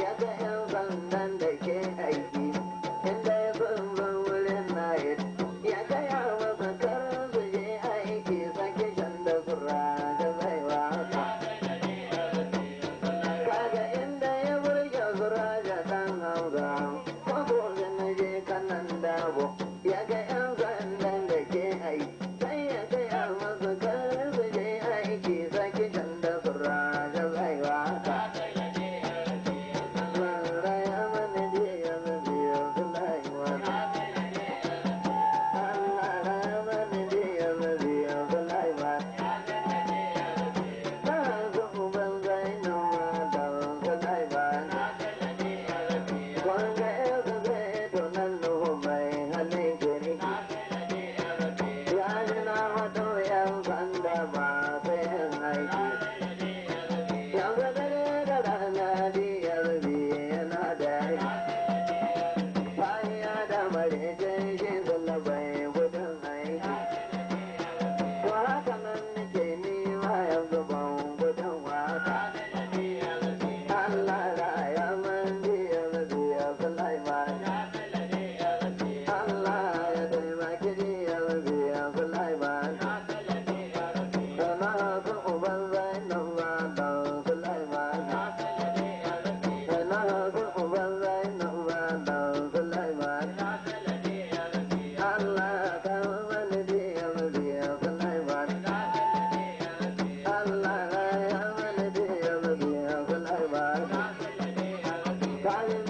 Yeah, the hell's then they silence.